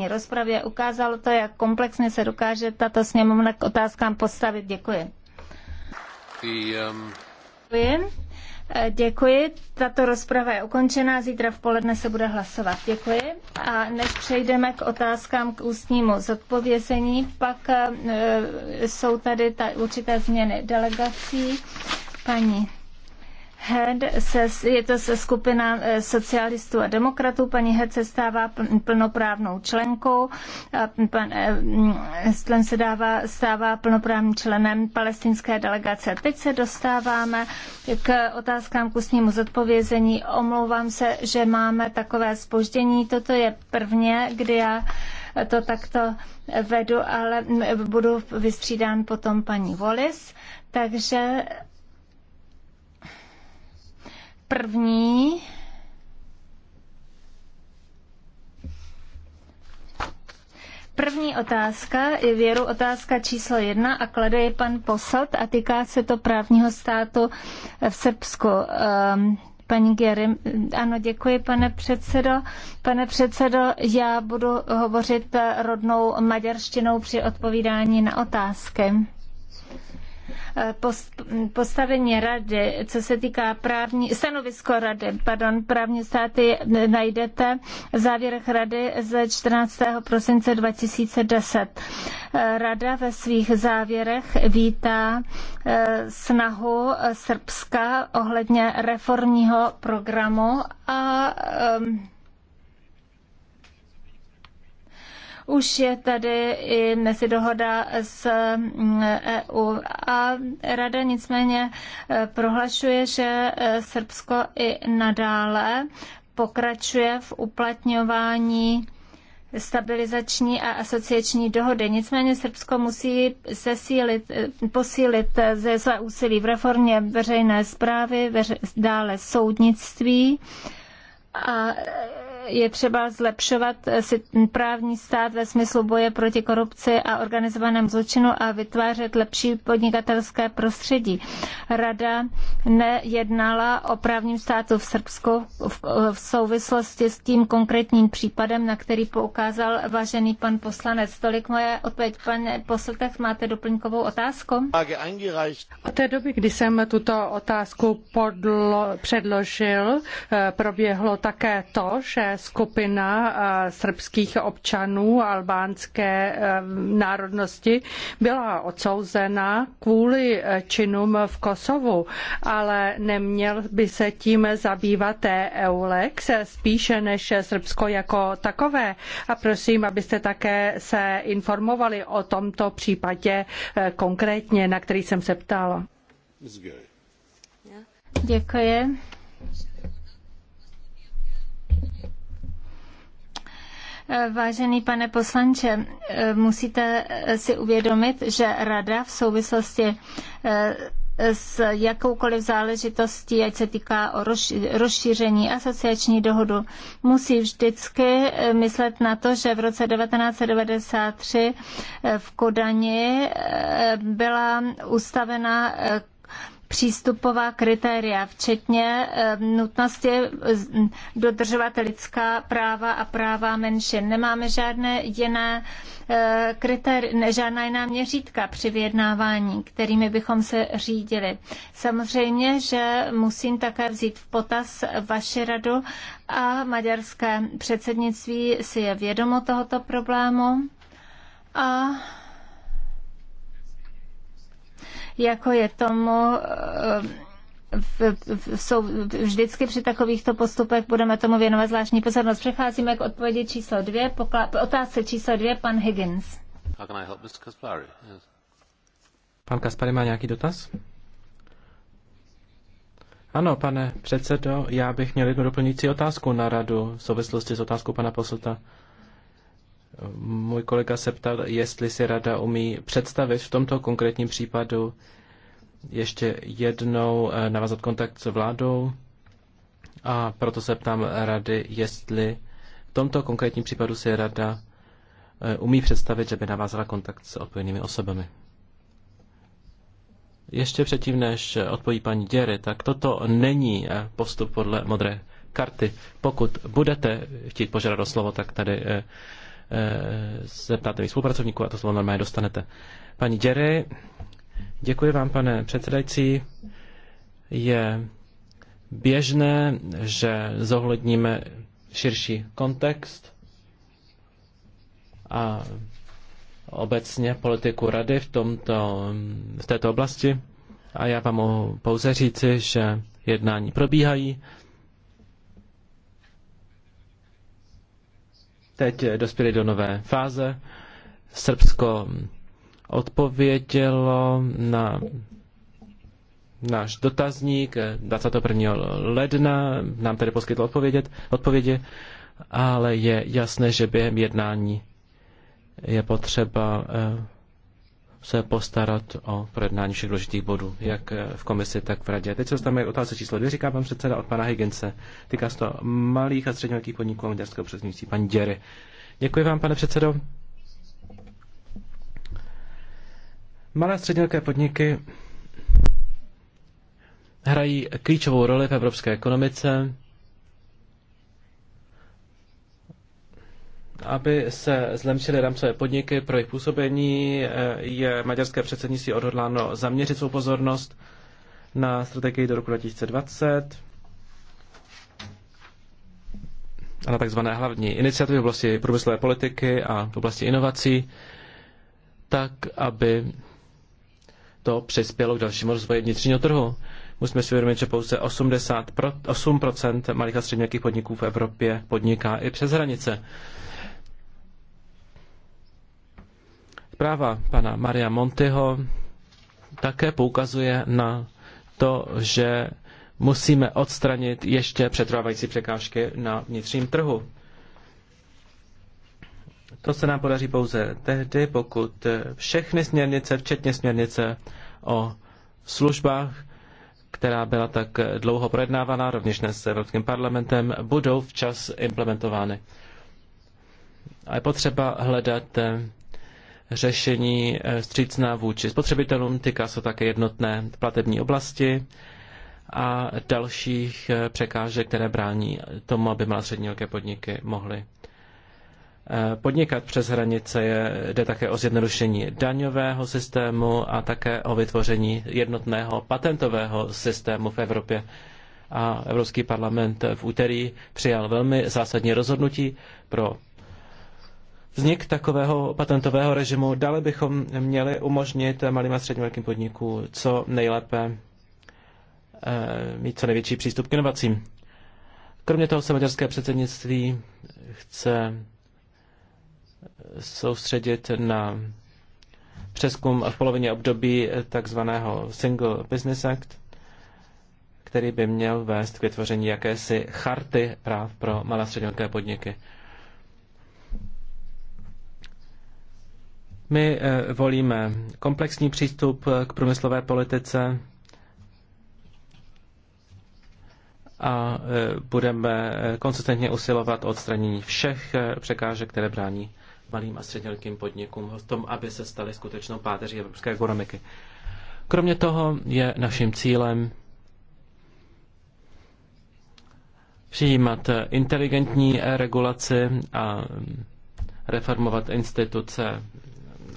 parlamentní rozpravě. Ukázalo to, jak komplexně se dokáže tato sněmovna k otázkám postavit. Děkuji. Um, děkuji. Eh, děkuji. Tato rozprava je ukončená. Zítra v poledne se bude hlasovat. Děkuji. A než přejdeme k otázkám k ústnímu zodpovězení, pak eh, jsou tady ta, určité změny delegací. Paní Head se, je to se skupina eh, socialistů a demokratů. Paní Head se stává plnoprávnou členkou. Pan Estlen eh, mm, se dává, stává plnoprávným členem palestinské delegace. Teď se dostáváme k otázkám k ústnímu zodpovězení. Omlouvám se, že máme takové spoždění. Toto je prvně, kdy já to takto vedu, ale budu vystřídán potom paní Wallis. Takže první První otázka je věru otázka číslo jedna a klade je pan Posad a týká se to právního státu v Srbsku. Um, paní Gery, ano, děkuji, pane předsedo. Pane předsedo, já budu hovořit rodnou maďarštinou při odpovídání na otázky postavení rady, co se týká právní, stanovisko rady, pardon, právní státy najdete v závěrech rady ze 14. prosince 2010. Rada ve svých závěrech vítá eh, snahu Srbska ohledně reformního programu a ehm, Už je tady i dnes dohoda s mm, EU a Rada nicméně e, prohlašuje, že e, Srbsko i nadále pokračuje v uplatňování stabilizační a asociační dohody. Nicméně Srbsko musí sesílit, e, posílit ze své úsilí v reformě veřejné zprávy, veře, dále soudnictví a je třeba zlepšovat právní stát ve smyslu boje proti korupci a organizovanému zločinu a vytvářet lepší podnikatelské prostředí. Rada nejednala o právním státu v Srbsku v souvislosti s tím konkrétním případem, na který poukázal vážený pan poslanec. Tolik moje odpověď. Pane posletech, máte doplňkovou otázku? Od té doby, kdy jsem tuto otázku podlo, předložil, eh, proběhlo také to, že skupina eh, srbských občanů albánské eh, národnosti byla odsouzena kvůli eh, činům v Kosovu, ale neměl by se tím zabývat EULEX spíše než Srbsko jako takové. A prosím, abyste také se informovali o tomto případě konkrétně, na který jsem se ptala. Děkuji. Vážený pane poslanče, eh, musíte eh, si uvědomit, že Rada v souvislosti eh, s jakoukoliv záležitostí, ať se týká o rozšíření asociační dohodu, musí vždycky myslet na to, že v roce 1993 v Kodani byla ustavena přístupová kritéria, včetně eh, nutnosti eh, dodržovat lidská práva a práva menšin. Nemáme žádné jiné eh, kritéria, žádná jiná měřítka při vyjednávání, kterými bychom se řídili. Samozřejmě, že musím také vzít v potaz vaši radu a maďarské předsednictví si je vědomo tohoto problému a jako je tomu eh, v, v, jsou vždycky při takovýchto postupech, budeme tomu věnovat zvláštní pozornost. Přecházíme k odpovědi číslo dvě, pokla, otázce číslo dvě, pan Higgins. Pan Kaspary má nějaký dotaz? Ano, pane předsedo, já bych měl jednu doplňující otázku na radu v souvislosti s otázkou pana poslta. Můj kolega se ptal, jestli si rada umí představit v tomto konkrétním případu ještě jednou eh, navazat kontakt s vládou a proto se ptám rady, jestli v tomto konkrétním případu si rada eh, umí představit, že by navázala kontakt s odpovědnými osobami. Ještě předtím, než odpoví paní Děry, tak toto není eh, postup podle modré karty. Pokud budete chtít požádat o slovo, tak tady zeptáte eh, svých spolupracovníků a to slovo normálně dostanete. Paní Děry, děkuji vám, pane předsedající. Je běžné, že zohledníme širší kontext a obecně politiku rady v, tomto, v této oblasti. A já vám mohu pouze říci, že jednání probíhají, Teď dospěli do nové fáze. Srbsko odpovědělo na náš dotazník 21. ledna, nám tedy poskytl odpovědět, odpovědi, ale je jasné, že během jednání je potřeba eh, se postarat o projednání všech důležitých bodů, jak eh, v komisi, tak v radě. Teď se dostaneme k otázce číslo dvě, říká pan předseda od pana Higginse. Týká se to malých a středně velkých podniků a maďarského předsednictví, pan Děry. Děkuji vám, pane předsedo. Malé a středně velké podniky hrají klíčovou roli v evropské ekonomice Aby se zlepšily rámcové podniky pro jejich působení, eh, je maďarské předsednictví odhodláno zaměřit svou pozornost na strategii do roku 2020 a na tzv. hlavní iniciativy v oblasti průmyslové politiky a v oblasti inovací, tak, aby to přispělo k dalšímu rozvoji vnitřního trhu. Musíme si uvědomit, že pouze 80 malých a středních podniků v Evropě podniká i přes hranice. Zpráva pana Maria Monteho také poukazuje na to, že musíme odstranit ještě přetrvávající překážky na vnitřním trhu. To se nám podaří pouze tehdy, pokud všechny směrnice, včetně směrnice o službách, která byla tak dlouho projednávána, rovněž dnes s Evropským parlamentem, budou včas implementovány. A je potřeba hledat řešení eh, vstřícná vůči spotřebitelům, týká se také jednotné platební oblasti a dalších eh, překážek, které brání tomu, aby malé střední velké podniky mohly eh, podnikat přes hranice. je Jde také o zjednodušení daňového systému a také o vytvoření jednotného patentového systému v Evropě. A Evropský parlament v úterý přijal velmi zásadní rozhodnutí pro vznik takového patentového režimu. Dále bychom měli umožnit malým a středním velkým podnikům co nejlépe eh, mít co největší přístup k inovacím. Kromě toho se maďarské předsednictví chce soustředit na přeskum v polovině období takzvaného Single Business Act, který by měl vést k vytvoření jakési charty práv pro malé a střední podniky. My eh, volíme komplexní přístup eh, k průmyslové politice a eh, budeme konsistentně usilovat o odstranění všech překážek, které brání malým a středním podnikům v tom, aby se staly skutečnou páteří evropské ekonomiky. Kromě toho je naším cílem přijímat inteligentní regulaci a mm, reformovat instituce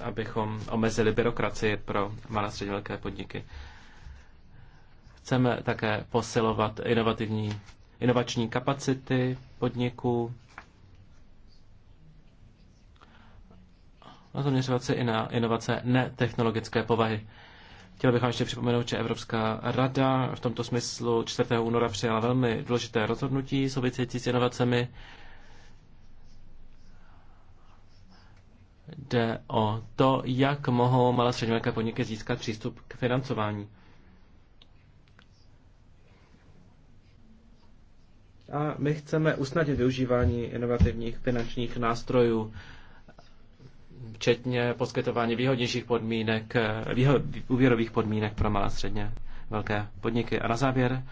abychom omezili byrokracii pro malé a středně velké podniky. Chceme také posilovat inovativní, inovační kapacity podniků, a zaměřovat se i na inovace netechnologické povahy. Chtěl bych vám ještě připomenout, že Evropská rada v tomto smyslu 4. února přijala velmi důležité rozhodnutí související s inovacemi. jde o to, jak mohou malé střední velké podniky získat přístup k financování. A my chceme usnadnit využívání inovativních finančních nástrojů, včetně poskytování výhodnějších podmínek, výho, úvěrových podmínek pro malé středně velké podniky. A na závěr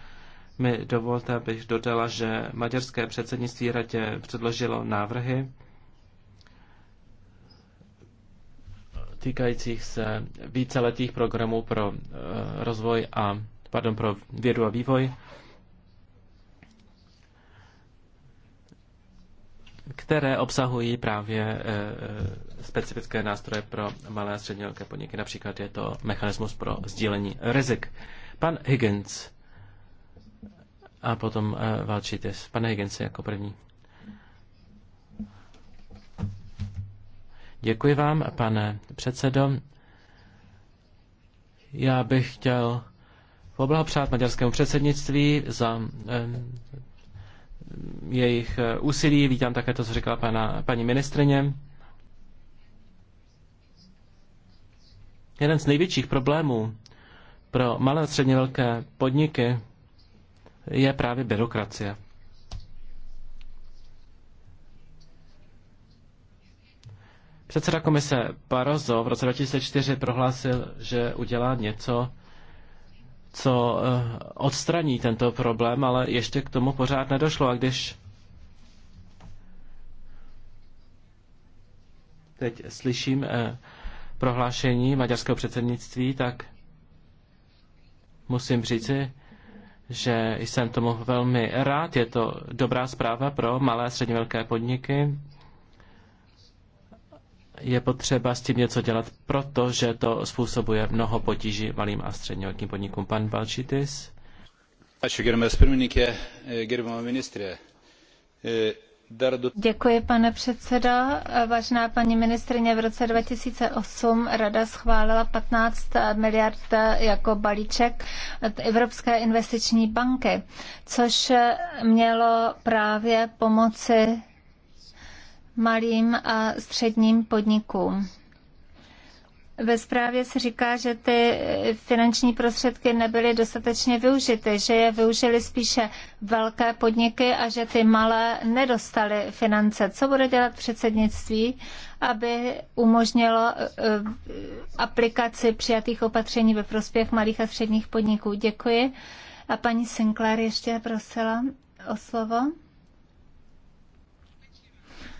mi dovolte, abych dodala, že maďarské předsednictví radě předložilo návrhy týkajících se víceletých programů pro eh, rozvoj a pardon, pro vědu a vývoj, které obsahují právě eh, eh, specifické nástroje pro malé a střední velké podniky. Například je to mechanismus pro sdílení rizik. Pan Higgins a potom Valčitis. Pane Higgins jako první. Děkuji vám, pane předsedo. Já bych chtěl poblahopřát maďarskému předsednictví za jejich eh, úsilí. Vítám také to, co říkala pana, paní ministrině. Jeden z největších problémů pro malé a středně velké podniky je právě byrokracie. Předseda komise Barroso v roce 2004 prohlásil, že udělá něco, co eh, odstraní tento problém, ale ještě k tomu pořád nedošlo. A když teď slyším eh, prohlášení maďarského předsednictví, tak musím říci, že jsem tomu velmi rád. Je to dobrá zpráva pro malé a středně velké podniky, je potřeba s tím něco dělat, protože to způsobuje mnoho potíží malým a středně velkým podnikům. Pan Balčitis. E, e, Děkuji, pane předsedo. E, vážená paní ministrině, v roce 2008 Rada schválila 15 miliard jako balíček Evropské investiční banky, což mělo právě pomoci malým a středním podnikům. Ve zprávě se říká, že ty finanční prostředky nebyly dostatečně využity, že je využili spíše velké podniky a že ty malé nedostaly finance. Co bude dělat předsednictví, aby umožnilo eh, aplikaci přijatých opatření ve prospěch malých a středních podniků? Děkuji. A paní Sinclair ještě prosila o slovo.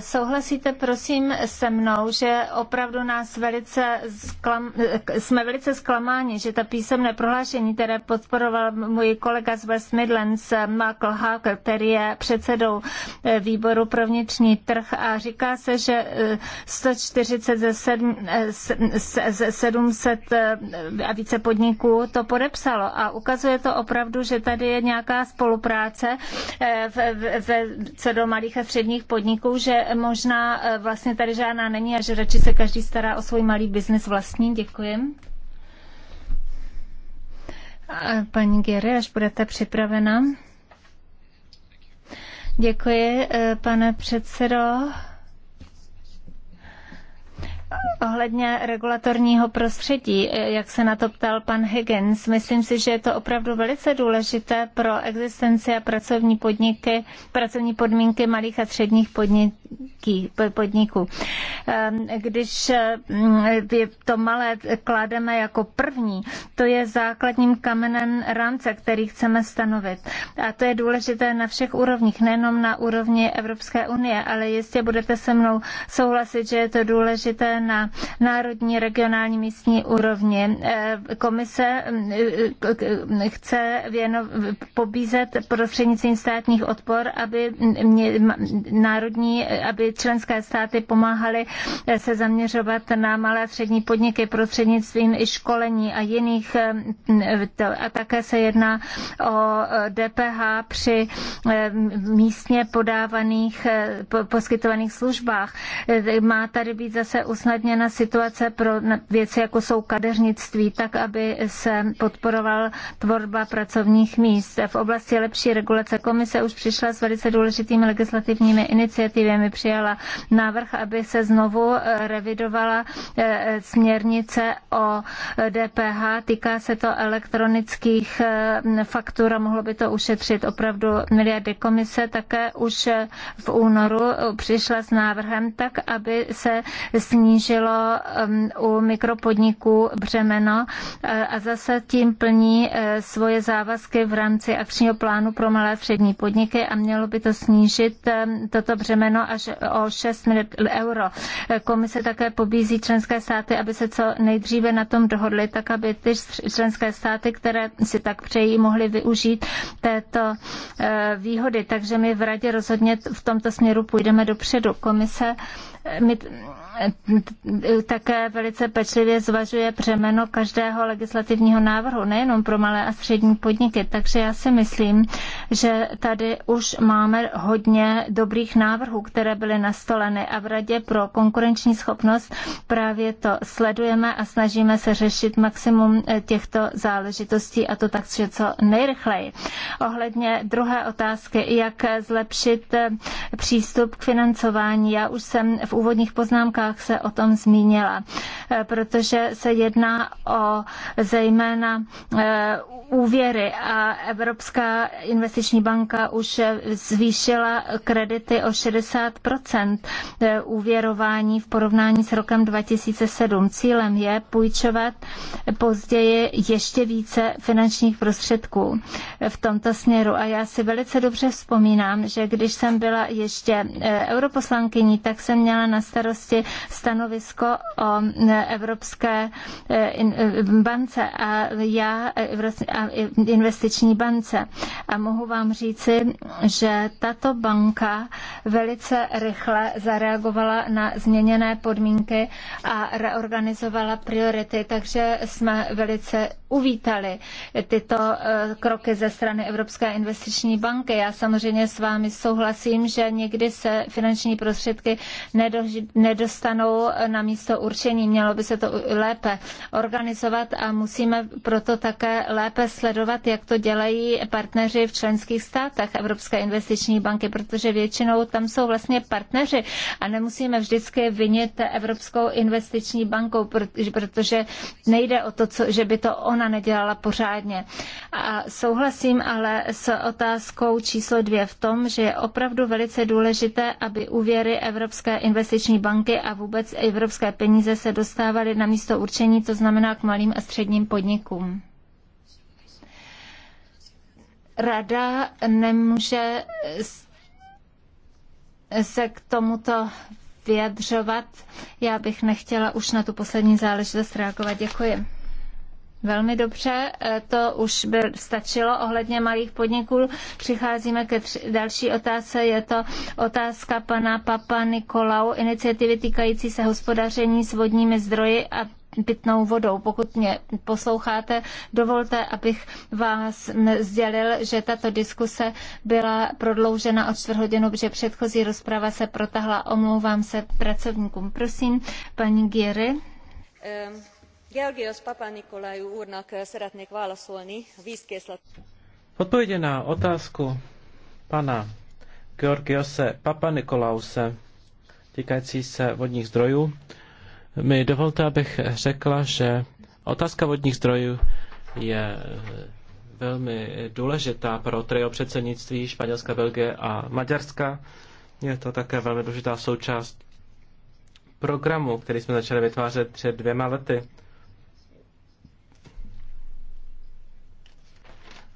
Souhlasíte prosím se mnou, že opravdu nás velice zklam, jsme velice zklamáni, že ta písemné prohlášení, které podporoval můj kolega z West Midlands, Michael Harker, který je předsedou eh, výboru pro vnitřní trh a říká se, že 140 eh, ze, 7, ze 700 a více podniků to podepsalo a ukazuje to opravdu, že tady je nějaká spolupráce eh, v, v, v, co do malých a středních podniků, že že možná eh, vlastně tady žádná není a že radši se každý stará o svůj malý biznis vlastní. Děkuji. paní Gery, až budete připravena. Děkuji, eh, pane předsedo ohledně regulatorního prostředí, eh, jak se na to ptal pan Higgins. Myslím si, že je to opravdu velice důležité pro existenci a pracovní podniky, pracovní podmínky malých a středních podnik, podniku. Když mm, to malé klademe jako první, to je základním kamenem rámce, který chceme stanovit. A to je důležité na všech úrovních, nejenom na úrovni Evropské unie, ale jistě budete se mnou souhlasit, že je to důležité na národní, regionální, místní úrovni. Komise chce věno, pobízet prostřednictvím státních odpor, aby národní aby členské státy pomáhaly eh, se zaměřovat na malé a střední podniky prostřednictvím i školení a jiných. Eh, eh, a také se jedná o DPH při místně podávaných, poskytovaných službách. Má tady být zase usnadněna situace pro věci, jako jsou kadeřnictví, tak, aby se podporoval tvorba pracovních míst. V oblasti lepší regulace komise už přišla s velice důležitými legislativními iniciativami přijala návrh, aby se znovu eh, revidovala eh, směrnice o DPH. Eh, Týká se to elektronických faktur a mohlo by to ušetřit opravdu miliardy komise. Také už v únoru přišla s návrhem tak, aby se snížilo ehm, u mikropodniků břemeno a zase tím plní svoje závazky v rámci akčního plánu pro malé a střední podniky a mělo by to snížit ehm, toto břemeno až až o 6 miliard euro. Komise také pobízí členské státy, aby se co nejdříve na tom dohodly, tak aby ty členské státy, které si tak přejí, mohly využít této eh, výhody. Takže my v Radě rozhodně v tomto směru půjdeme dopředu. Komise eh, my také velice pečlivě zvažuje přemeno každého legislativního návrhu, nejenom pro malé a střední podniky. Takže já si myslím, že tady už máme hodně dobrých návrhů, které byly nastoleny a v Radě pro konkurenční schopnost právě to sledujeme a snažíme se řešit maximum eh, těchto záležitostí a to tak, že co nejrychleji. Ohledně druhé otázky, jak zlepšit eh, přístup k financování. Já už jsem v úvodních poznámkách jak se o tom zmínila, eh, protože se jedná o zejména eh, úvěry a Evropská investiční banka už eh, zvýšila kredity o 60 úvěrování v porovnání s rokem 2007. Cílem je půjčovat později ještě více finančních prostředků v tomto směru. A já si velice dobře vzpomínám, že když jsem byla ještě europoslankyní, tak jsem měla na starosti stanovisko o Evropské eh, eh, bance a já eh, vlastně, a investiční bance. A mohu vám říci, že tato banka velice rychle zareagovala na změněné podmínky a reorganizovala priority, takže jsme velice uvítali tyto kroky ze strany Evropské investiční banky. Já samozřejmě s vámi souhlasím, že někdy se finanční prostředky nedost dostanou na místo určení. Mělo by se to lépe organizovat a musíme proto také lépe sledovat, jak to dělají partneři v členských státech Evropské investiční banky, protože většinou tam jsou vlastně partneři a nemusíme vždycky vinit Evropskou investiční bankou, protože nejde o to, co, že by to ona nedělala pořádně. A souhlasím ale s otázkou číslo dvě v tom, že je opravdu velice důležité, aby úvěry Evropské investiční banky a a vůbec evropské peníze se dostávaly na místo určení, to znamená k malým a středním podnikům. Rada nemůže se k tomuto vyjadřovat. Já bych nechtěla už na tu poslední záležitost reagovat. Děkuji. Velmi dobře, eh, to už by stačilo ohledně malých podniků. Přicházíme ke tři, další otázce. Je to otázka pana Papa Nikolau, iniciativy týkající se hospodaření s vodními zdroji a pitnou vodou. Pokud mě posloucháte, dovolte, abych vás sdělil, že tato diskuse byla prodloužena o čtvrt hodinu, protože předchozí rozprava se protahla. Omlouvám se pracovníkům. Prosím, paní Giery. Um. Ehm, Georgios Papanikolaou úrnak eh, szeretnék válaszolni a vízkészlet. Odpovědě na otázku pana Georgiose Papanikolause týkající se vodních zdrojů mi dovolte, abych řekla, že otázka vodních zdrojů je velmi důležitá pro trio předsednictví Španělska, Belgie a Maďarska. Je to také velmi důležitá součást programu, který jsme začali vytvářet před dvěma lety.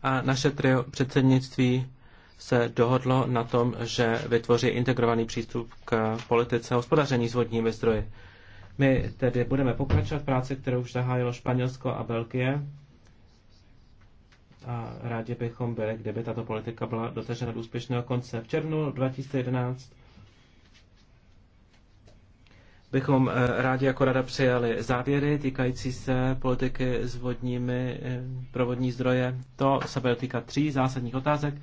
a naše trio předsednictví se dohodlo na tom, že vytvoří integrovaný přístup k politice hospodaření s vodními zdroji. My tedy budeme pokračovat v práci, kterou už zahájilo Španělsko a Belgie. A rádi bychom byli, kdyby tato politika byla dotažena do úspěšného konce. V červnu 2011 bychom eh, rádi jako rada přijali závěry týkající se politiky s vodními eh, provodní zdroje. To se bude týkat tří zásadních otázek.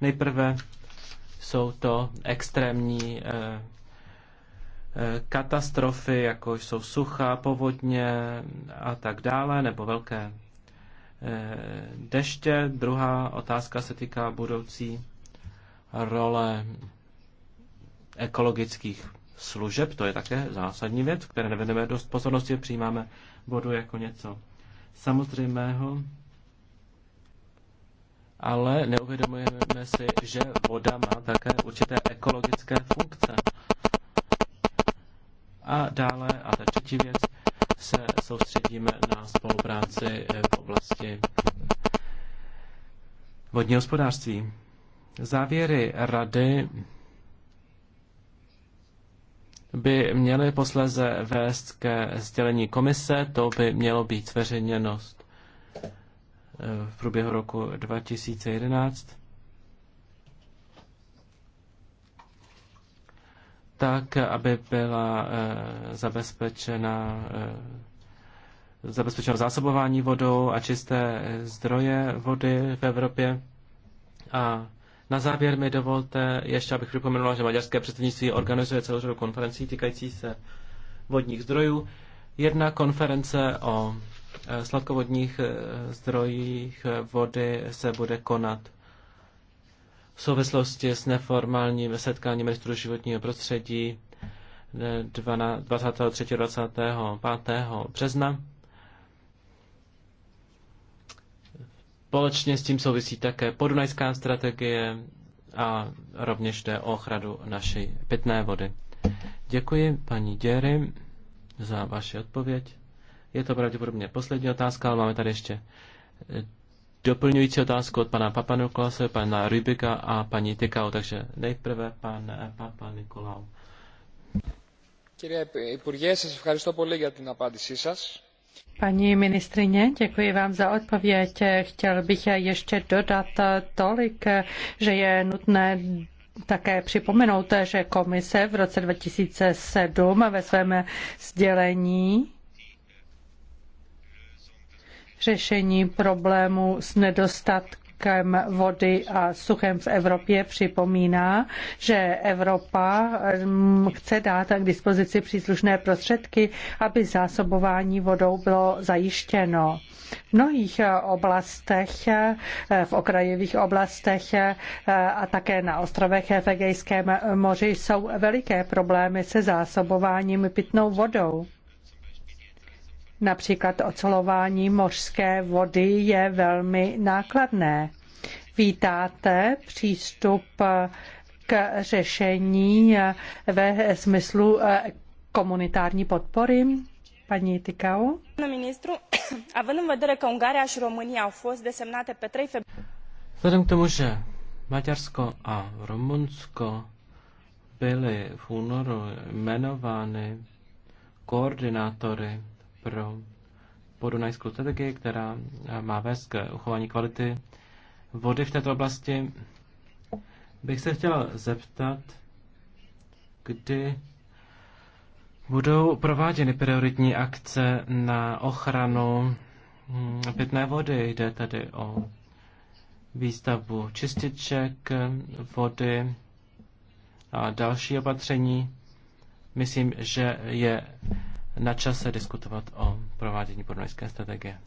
Nejprve jsou to extrémní eh, katastrofy, jako jsou sucha, povodně a tak dále, nebo velké deště. Druhá otázka se týká budoucí role ekologických služeb, to je také zásadní věc, které nevedeme dost pozornosti, přijímáme vodu jako něco samozřejmého, ale neuvědomujeme si, že voda má také určité ekologické funkce. A dále, a ta třetí věc, se soustředíme na spolupráci v oblasti vodního hospodářství. Závěry rady by měly posléze vést ke sdělení komise, to by mělo být zveřejněno eh, v průběhu roku 2011. tak, aby byla eh, zabezpečena eh, zabezpečeno zásobování vodou a čisté zdroje vody v Evropě a na závěr mi dovolte ještě, abych připomenul, že maďarské předsednictví organizuje celou řadu konferencí týkající se vodních zdrojů. Jedna konference o eh, sladkovodních eh, zdrojích eh, vody se bude konat v souvislosti s neformálním setkáním ministru životního prostředí 23. 25. března. Společně s tím souvisí také podunajská strategie a rovněž jde o ochradu naší pitné vody. Děkuji paní Děry za vaši odpověď. Je to pravděpodobně poslední otázka, ale máme tady ještě eh, doplňující otázku od pana Papa Nikolase, pana Rybika a paní Tykau. Takže nejprve pan eh, Papa Nikolau. Kyrie Υπουργέ, σας ευχαριστώ πολύ για την απάντησή σας. Paní ministrině, děkuji vám za odpověď. Chtěl bych ještě dodat tolik, že je nutné také připomenout, že komise v roce 2007 ve svém sdělení řešení problému s nedostatkem tokem vody a suchem v Evropě připomíná, že Evropa mm, chce dát k dispozici příslušné prostředky, aby zásobování vodou bylo zajištěno. V mnohých oblastech, v okrajových oblastech a také na ostrovech v Egejském moři jsou veliké problémy se zásobováním pitnou vodou. Například ocelování mořské vody je velmi nákladné. Vítáte přístup k řešení ve smyslu eh, komunitární podpory? Paní Ticau? ministru, având în vedere că Ungaria și România au fost desemnate pe 3 februarie. k tomu, že Maďarsko a Rumunsko byly v únoru jmenovány koordinátory pro podunajskou strategii, která eh, má vést k uchování kvality vody v této oblasti, bych se chtěla zeptat, kdy budou prováděny prioritní akce na ochranu hm, pitné vody. Jde tady o výstavbu čističek vody a další opatření. Myslím, že je na čase diskutovat o provádění podunajské strategie.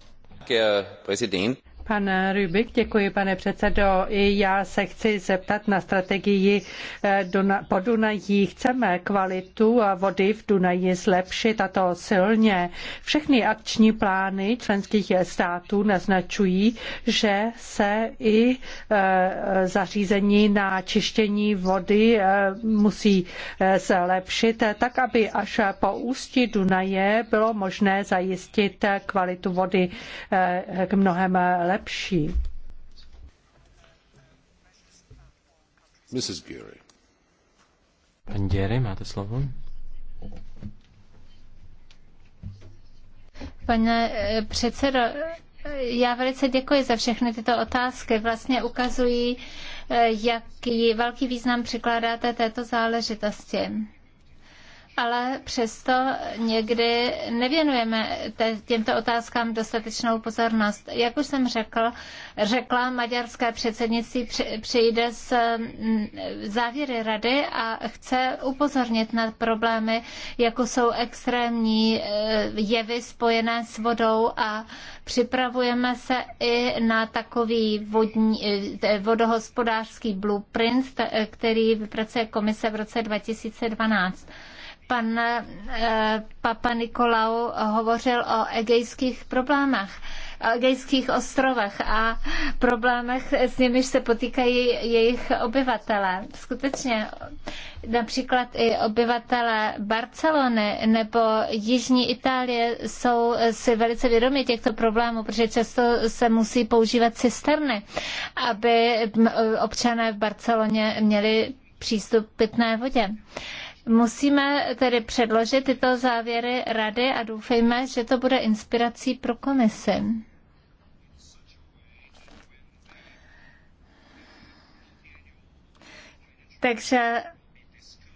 Pan Rybik, děkuji, pane předsedo. I já se chci zeptat na strategii eh, po Dunaji. Chceme kvalitu vody v Dunaji zlepšit a to silně. Všechny akční plány členských států naznačují, že se i eh, zařízení na čištění vody eh, musí zlepšit, tak aby až po ústí Dunaje bylo možné zajistit kvalitu vody k mnohem lepší lepší. Mrs. Geary. Paní Geary, máte slovo. Pane eh, předsedo, eh, já velice děkuji za všechny tyto otázky. Vlastně ukazují, eh, jaký velký význam přikládáte této záležitosti ale přesto někdy nevěnujeme těmto otázkám dostatečnou pozornost. Jak už jsem řekl, řekla, maďarské předsednictví přijde s mm, závěry rady a chce upozornit na problémy, jako jsou extrémní e, jevy spojené s vodou a připravujeme se i na takový vodní, e, vodohospodářský blueprint, který vypracuje komise v roce 2012. Pan eh, Papa Nikolau hovořil o egejských problémech egejských ostrovech a problémech, s nimiž se potýkají jejich obyvatelé. Skutečně například i obyvatelé Barcelony nebo Jižní Itálie jsou si velice vědomi těchto problémů, protože často se musí používat cisterny, aby občané v Barceloně měli přístup k pitné vodě. Uh, Musíme tedy předložit tyto závěry rady a doufejme, že to bude inspirací pro komisi. Takže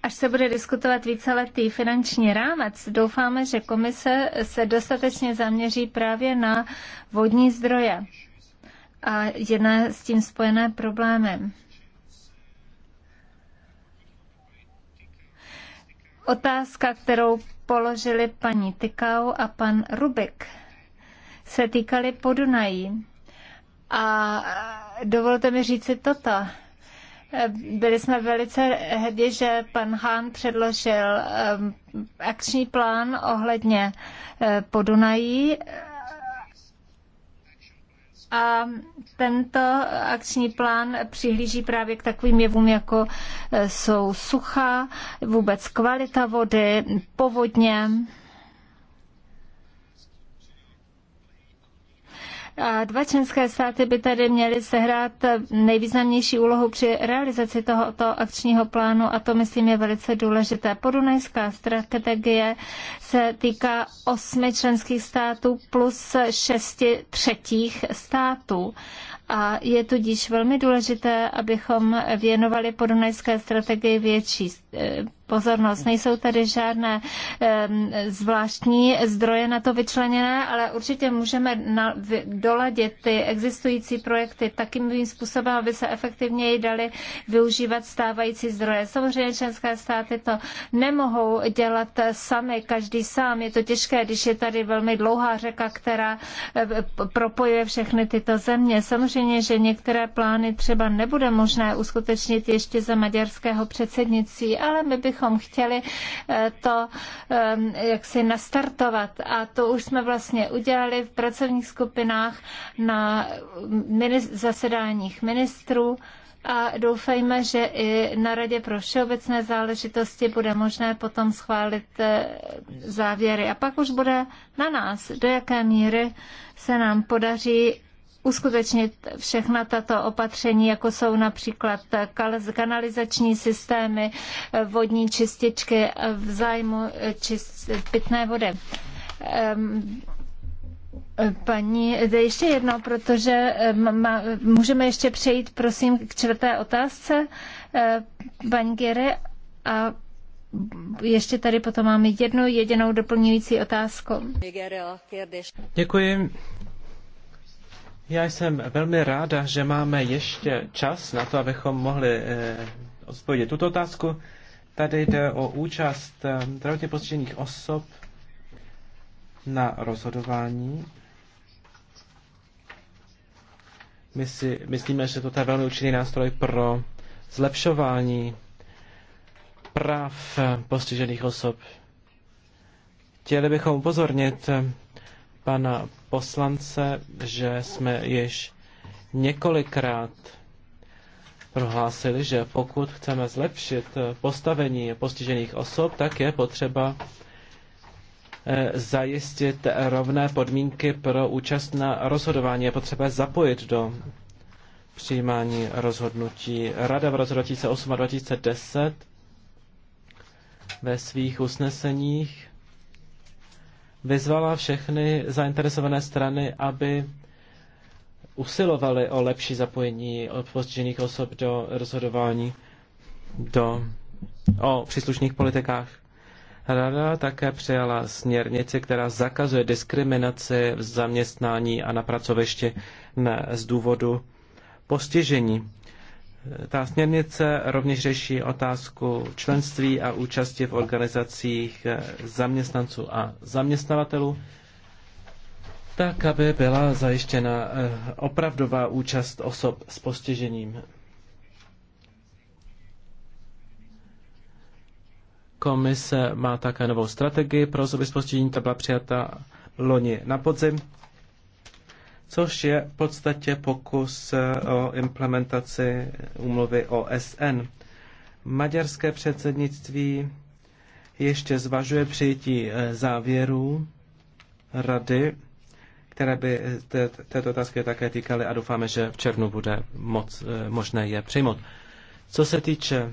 až se bude diskutovat víceletý finanční rámec, doufáme, že komise se dostatečně zaměří právě na vodní zdroje a jedné s tím spojené problémy. Otázka, kterou položili paní Tykau a pan Rubik, se týkaly Podunají. A dovolte mi říci toto. Byli jsme velice hrdí, že pan Hán předložil um, akční plán ohledně eh, Podunají a tento akční plán přihlíží právě k takovým jevům, jako e, jsou sucha, vůbec kvalita vody, povodně A dva členské státy by tady měly sehrát nejvýznamnější úlohu při realizaci tohoto akčního plánu a to, myslím, je velice důležité. Podunajská strategie se týká osmi členských států plus šesti třetích států a je tudíž velmi důležité, abychom věnovali podunajské strategii větší eh, pozornost. Nejsou tady žádné zvláštní zdroje na to vyčleněné, ale určitě můžeme na, doladit ty existující projekty takým způsobem, aby se efektivněji dali využívat stávající zdroje. Samozřejmě členské státy to nemohou dělat sami, každý sám. Je to těžké, když je tady velmi dlouhá řeka, která eh, propojuje všechny tyto země. Samozřejmě, že některé plány třeba nebude možné uskutečnit ještě za maďarského předsednictví, ale my bychom bychom chtěli eh, to ehm, jak si nastartovat. A to už jsme vlastně udělali v pracovních skupinách na zasedáních ministrů a doufejme, že i na Radě pro všeobecné záležitosti bude možné potom schválit eh, závěry. A pak už bude na nás, do jaké míry se nám podaří uskutečnit všechna tato opatření, jako jsou například kanalizační systémy, vodní čističky v zájmu čist, pitné vody. Paní, e, ještě jedno, protože můžeme ještě přejít, prosím, k čtvrté otázce. E, paní Gere, a ještě tady potom máme jednu jedinou doplňující otázku. Děkuji. Já jsem velmi ráda, že máme ještě čas na to, abychom mohli eh, odpovědět tuto otázku. Tady jde o účast eh, zdravotně postižených osob na rozhodování. My si myslíme, že toto je velmi účinný nástroj pro zlepšování práv postižených osob. Chtěli bychom upozornit pana poslance, že jsme již několikrát prohlásili, že pokud chceme zlepšit postavení postižených osob, tak je potřeba eh, zajistit rovné podmínky pro účast na rozhodování. Je potřeba zapojit do přijímání rozhodnutí. Rada v roce 2008 a 2010 ve svých usneseních vyzvala všechny zainteresované strany, aby usilovali o lepší zapojení postižených osob do rozhodování do, o příslušných politikách. Rada také přijala směrnici, která zakazuje diskriminaci v zaměstnání a na pracovišti ne, z důvodu postižení. Ta směrnice rovněž řeší otázku členství a účasti v organizacích zaměstnanců a zaměstnavatelů, tak aby byla zajištěna eh, opravdová účast osob s postižením. Komise má také novou strategii pro osoby s postižením, ta byla přijata loni na podzim což je v podstatě pokus eh, o implementaci úmluvy OSN. Maďarské předsednictví ještě zvažuje přijetí eh, závěrů rady, které by eh, této otázky také týkaly a doufáme, že v červnu bude moc, možné je přijmout. Co se týče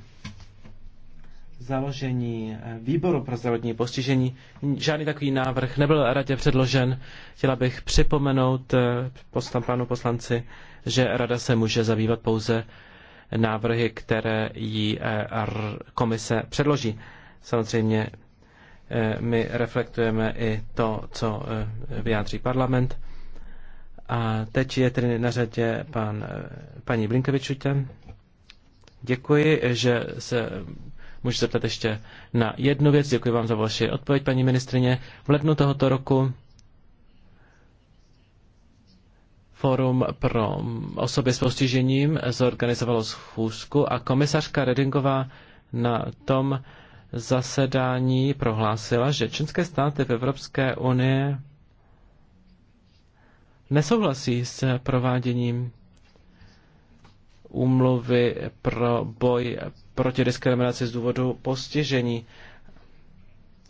založení eh, výboru pro zdravotní postižení. Žádný takový návrh nebyl radě předložen. Chtěla bych připomenout eh, poslan, panu poslanci, že rada se může zabývat pouze návrhy, které jí eh, komise předloží. Samozřejmě my reflektujeme i to, co vyjádří parlament. A teď je tedy na řadě pan, paní Blinkevičutě. Děkuji, že se můžu zeptat ještě na jednu věc. Děkuji vám za vaši odpověď, paní ministrině. V lednu tohoto roku forum pro osoby s postižením zorganizovalo schůzku a komisařka Redingová na tom zasedání prohlásila, že členské státy v Evropské unii nesouhlasí s prováděním úmluvy pro boj proti diskriminaci z důvodu postižení.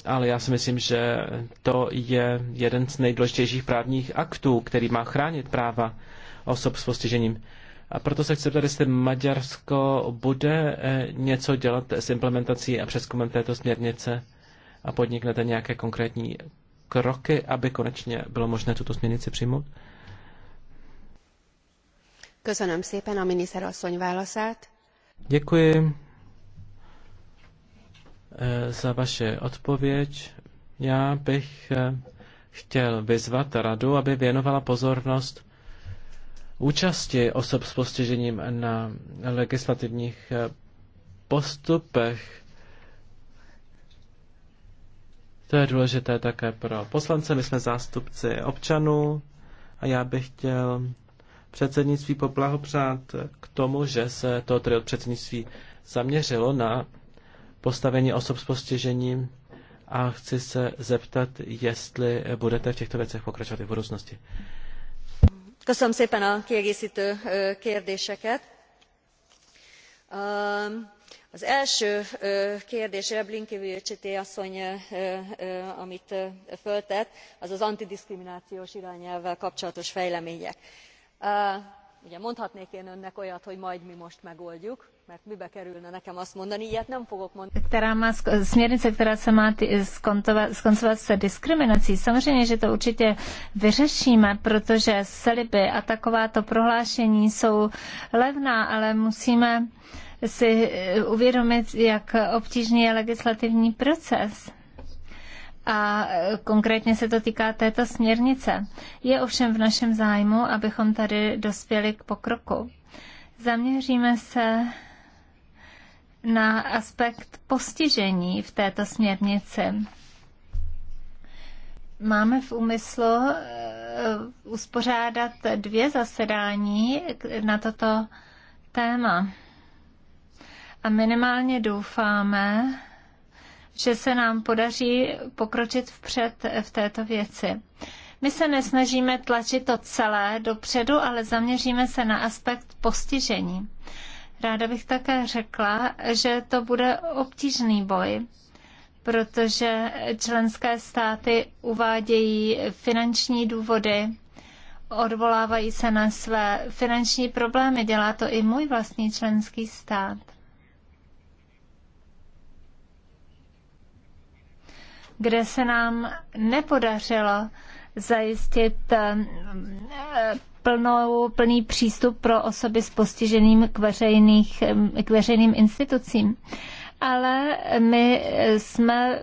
Ale já si myslím, že to je jeden z nejdůležitějších právních aktů, který má chránit práva osob s postižením. A proto se chci ptát, jestli Maďarsko bude eh, něco dělat s implementací a přeskumem této směrnice a podniknete nějaké konkrétní kroky, aby konečně bylo možné tuto směrnici přijmout? Köszönöm szépen a miniszter asszony válaszát. Děkuji eh, za vaše odpověď. Já bych eh, chtěl vyzvat radu, aby věnovala pozornost účasti osob s postižením na legislativních eh, postupech. To je důležité také pro poslance. My jsme zástupci občanů a já bych chtěl předsednictví poblahopřát k tomu, že se to triod předsednictví zaměřilo na postavení osob s postižením a chci se zeptat, jestli budete v těchto věcech pokračovat i v budoucnosti. Köszönöm szépen a kiegészítő kérdéseket. Az első kérdése Blinkevicsité asszony, amit föltett, az az antidiskriminációs irányelvvel kapcsolatos fejlemények ugye mondhatnék én önnek olyat hogy majd mi most megoldjuk mert mibe kerülne nekem azt mondani ilyet nem fogok mondani. Která má, směrnice, která se má skoncovat se diskriminací, samozřejmě, že to určitě vyřešíme, protože seliby a takováto prohlášení jsou levná, ale musíme si eh, uvědomit, jak obtížný je legislativní proces a e, konkrétně se to týká této směrnice. Je ovšem v našem zájmu, abychom tady dospěli k pokroku. Zaměříme se na aspekt postižení v této směrnici. Máme v úmyslu e, uspořádat dvě zasedání na toto téma. A minimálně doufáme, že se nám podaří pokročit vpřed v této věci. My se nesnažíme tlačit to celé dopředu, ale zaměříme se na aspekt postižení. Ráda bych také řekla, že to bude obtížný boj, protože členské státy uvádějí finanční důvody, odvolávají se na své finanční problémy. Dělá to i můj vlastní členský stát. kde se nám nepodařilo zajistit eh, plnou, plný přístup pro osoby s postižením k, veřejných, eh, k veřejným institucím. Ale my eh, jsme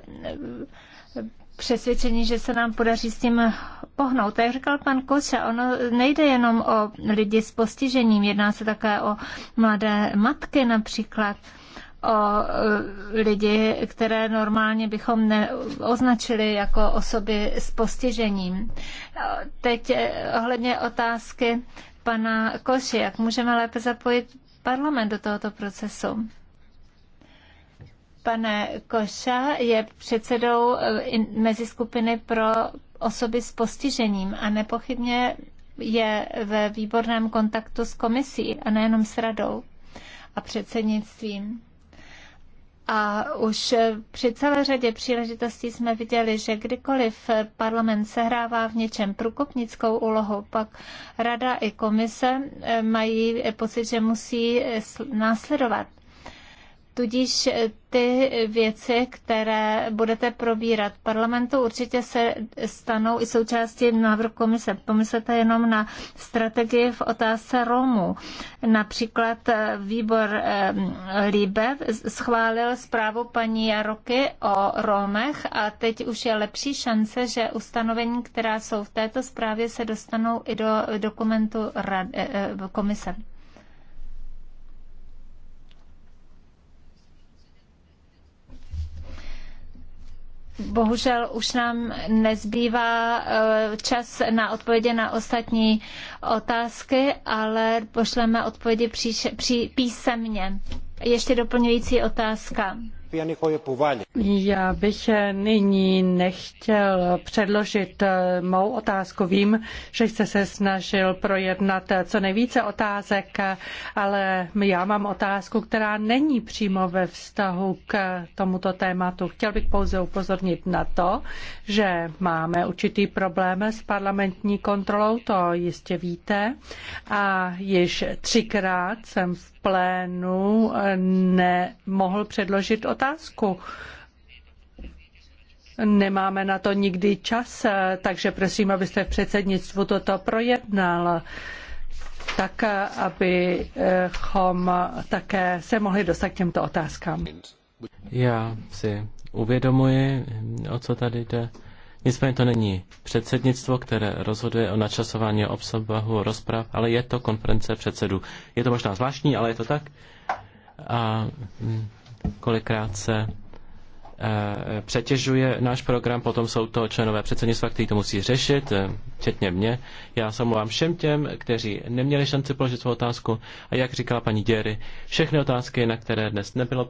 přesvědčení, že se nám podaří s tím pohnout. Tak říkal pan Koča, ono nejde jenom o lidi s postižením, jedná se také o mladé matky například o e, lidi, které normálně bychom neoznačili jako osoby s postižením. E, teď e, ohledně otázky pana Koši, jak můžeme lépe zapojit parlament do tohoto procesu? Pane Koša je předsedou meziskupiny pro osoby s postižením a nepochybně je ve výborném kontaktu s komisí a nejenom s radou a předsednictvím. A už při celé řadě příležitostí jsme viděli, že kdykoliv parlament sehrává v něčem průkopnickou úlohu, pak rada i komise eh, mají pocit, že musí následovat. Tudíž eh, ty věci, které budete probírat parlamentu, určitě se stanou i součástí návrhu komise. Pomyslete jenom na strategii v otázce Romů. Například eh, výbor eh, Líbe schválil zprávu paní Jaroky o Romech a teď už je lepší šance, že ustanovení, která jsou v této zprávě, se dostanou i do dokumentu komise. bohužel už nám nezbývá eh, čas na odpovědi na ostatní otázky, ale pošleme odpovědi při pří, písemně. Ještě doplňující otázka. Já bych nyní nechtěl předložit eh, mou otázku. Vím, že jste se snažil projednat eh, co nejvíce otázek, eh, ale já mám otázku, která není přímo ve vztahu k tomuto tématu. Chtěl bych pouze upozornit na to, že máme určitý problém s parlamentní kontrolou, to jistě víte, a již třikrát jsem v plénu eh, nemohl předložit otázku. Nemáme na to nikdy čas, eh, takže prosím, abyste v předsednictvu toto projednal tak, eh, abychom také se mohli dostat k těmto otázkám. Já si uvědomuji, o co tady jde. Nicméně to není předsednictvo, které rozhoduje o načasování obsahu rozprav, ale je to konference předsedů. Je to možná zvláštní, ale je to tak. A hm, kolikrát se eh, přetěžuje náš program, potom jsou to členové předsednictva, kteří to musí řešit, eh, včetně mě. Já se omlouvám všem těm, kteří neměli šanci položit svou otázku a jak říkala paní Děry, všechny otázky, na které dnes nebylo